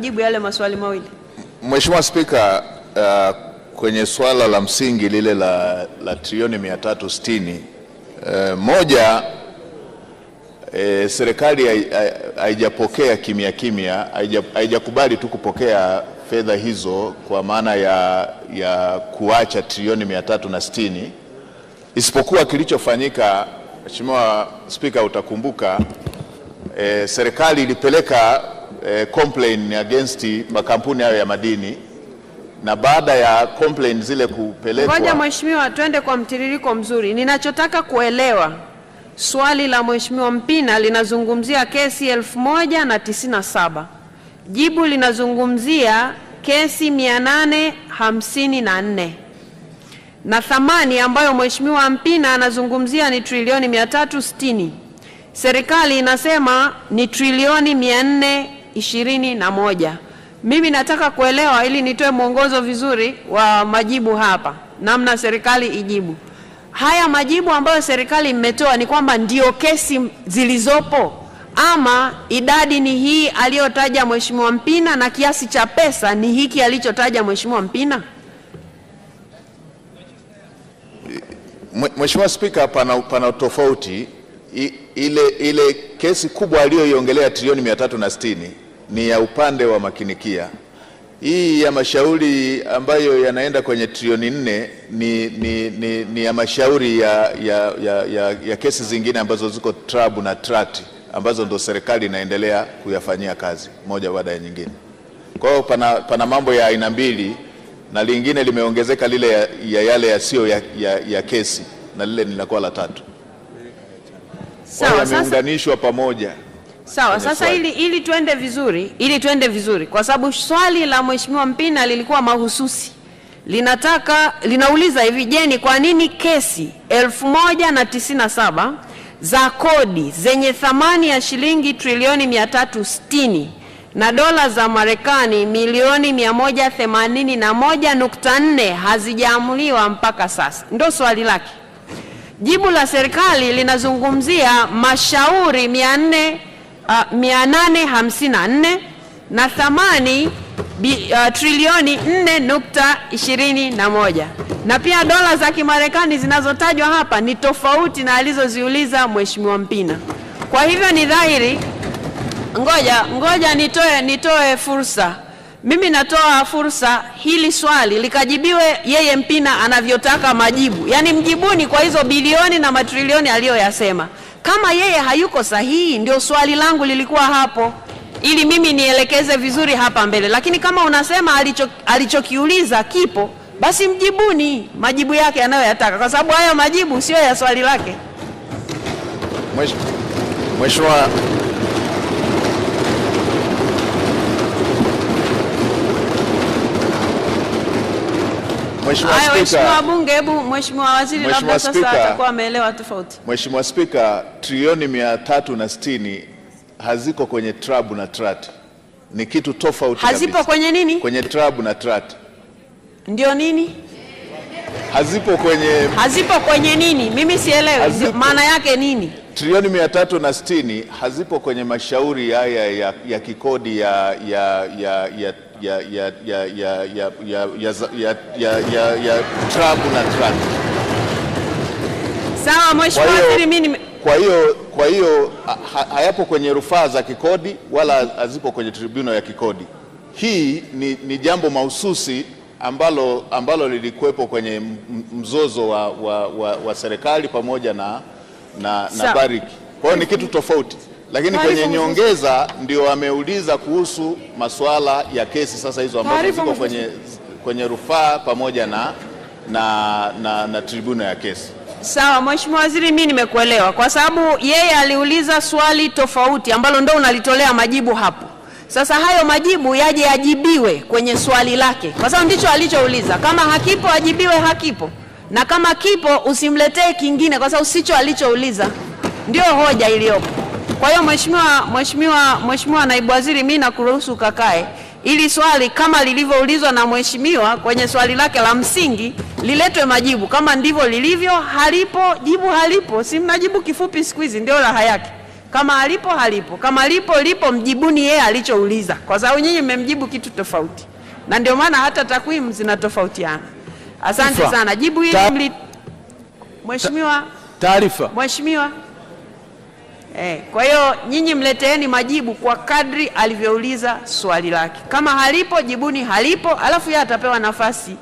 Jibu yale maswali mawili. Mheshimiwa Spika, uh, kwenye swala la msingi lile la, la trilioni 360 uh, moja E, serikali haijapokea kimya kimya, haijakubali tu kupokea fedha hizo kwa maana ya, ya kuacha trilioni 360, isipokuwa kilichofanyika, Mheshimiwa Spika, utakumbuka e, serikali ilipeleka eh, complain against makampuni hayo ya madini na baada ya complain zile kupelekwa. Ngoja mheshimiwa, twende kwa mtiririko mzuri. Ninachotaka kuelewa swali la mheshimiwa Mpina linazungumzia kesi elfu saba jibu linazungumzia kesi 854 na nne na thamani ambayo mheshimiwa Mpina anazungumzia ni trilioni 360 serikali inasema ni trilioni ishirini na moja. Mimi nataka kuelewa ili nitoe mwongozo vizuri wa majibu hapa, namna serikali ijibu haya majibu ambayo serikali mmetoa ni kwamba ndio kesi zilizopo ama idadi ni hii aliyotaja Mheshimiwa Mpina na kiasi cha pesa ni hiki alichotaja Mheshimiwa Mpina? Mheshimiwa Spika, pana, pana tofauti. I, ile, ile kesi kubwa aliyoiongelea trilioni mia tatu na sitini ni ya upande wa makinikia. Hii ya mashauri ambayo yanaenda kwenye trilioni nne ni, ni, ni, ni ya mashauri ya, ya, ya, ya, ya kesi zingine ambazo ziko trabu na trati ambazo ndo serikali inaendelea kuyafanyia kazi moja baada ya nyingine. Kwa hiyo pana, pana mambo ya aina mbili na lingine limeongezeka lile ya, ya yale yasiyo ya, ya, ya kesi na lile linakuwa la tatu. Sawa, yameunganishwa pamoja. Sawa. Sasa ili, ili tuende vizuri, ili tuende vizuri, kwa sababu swali la mheshimiwa Mpina lilikuwa mahususi, linataka linauliza hivi, je, ni kwa nini kesi elfu moja na tisini na saba za kodi zenye thamani ya shilingi trilioni 360 na dola za Marekani milioni 181.4 hazijaamuliwa mpaka sasa? Ndio swali lake. Jibu la serikali linazungumzia mashauri uh, ah, 854 na thamani bi, uh, trilioni 4.21 na pia dola za Kimarekani zinazotajwa hapa ni tofauti na alizoziuliza Mheshimiwa Mpina. Kwa hivyo ni dhahiri, ngoja ngoja nitoe, nitoe fursa mimi natoa fursa hili swali likajibiwe yeye Mpina anavyotaka majibu, yaani mjibuni kwa hizo bilioni na matrilioni aliyoyasema. Kama yeye hayuko sahihi, ndio swali langu lilikuwa hapo, ili mimi nielekeze vizuri hapa mbele. Lakini kama unasema alicho, alichokiuliza kipo, basi mjibuni majibu yake anayoyataka, kwa sababu hayo majibu siyo ya swali lake. Mheshimiwa Mheshimiwa Bunge, hebu Mheshimiwa Waziri labda sasa atakuwa ameelewa tofauti. Mheshimiwa Spika, trilioni mia tatu na sitini haziko kwenye trabu na TRAT, ni kitu tofauti. Hazipo kabisa. kwenye nini? Kwenye trabu na TRAT ndio nini? Hazipo kwenye, hazipo kwenye nini? Mimi sielewi maana yake nini trilioni mia tatu na sitini hazipo kwenye mashauri haya ya, ya, ya kikodi ya, ya, ya, ya ya ya ya ya ya ya ya ya ya ya ya Trump na Trump. Sawa mheshimiwa waziri, mimi kwa hiyo kwa hiyo ha, hayapo kwenye rufaa za kikodi wala hazipo kwenye tribunal ya kikodi. Hii ni, ni jambo mahususi ambalo, ambalo lilikuwepo kwenye mzozo wa, wa, wa, wa serikali pamoja na, na, na Barrick. Kwa hiyo ni kitu tofauti. Lakini kwenye nyongeza ndio ameuliza kuhusu masuala ya kesi sasa hizo ambazo ziko kwenye, kwenye rufaa pamoja na, na, na, na tribuna ya kesi. Sawa, Mheshimiwa Waziri, mimi nimekuelewa kwa sababu yeye aliuliza swali tofauti ambalo ndo unalitolea majibu hapo. Sasa hayo majibu yaje yajibiwe kwenye swali lake, kwa sababu ndicho alichouliza. Kama hakipo ajibiwe hakipo, na kama kipo usimletee kingine, kwa sababu sicho alichouliza. Ndio hoja iliyopo. Kwa hiyo mheshimiwa, mheshimiwa, mheshimiwa naibu waziri, mimi nakuruhusu kakae ili swali kama lilivyoulizwa na mheshimiwa kwenye swali lake la msingi liletwe majibu kama ndivyo lilivyo. Halipo jibu halipo, si mnajibu kifupi siku hizi, ndio raha yake. Kama halipo halipo, kama lipo lipo, mjibuni yeye alichouliza, kwa sababu nyinyi mmemjibu kitu tofauti, na ndio maana hata takwimu zinatofautiana. Asante sana, jibu hili mli... Mheshimiwa, taarifa. Mheshimiwa Eh, kwa hiyo nyinyi mleteeni majibu kwa kadri alivyouliza swali lake. Kama halipo jibuni halipo, alafu yeye atapewa nafasi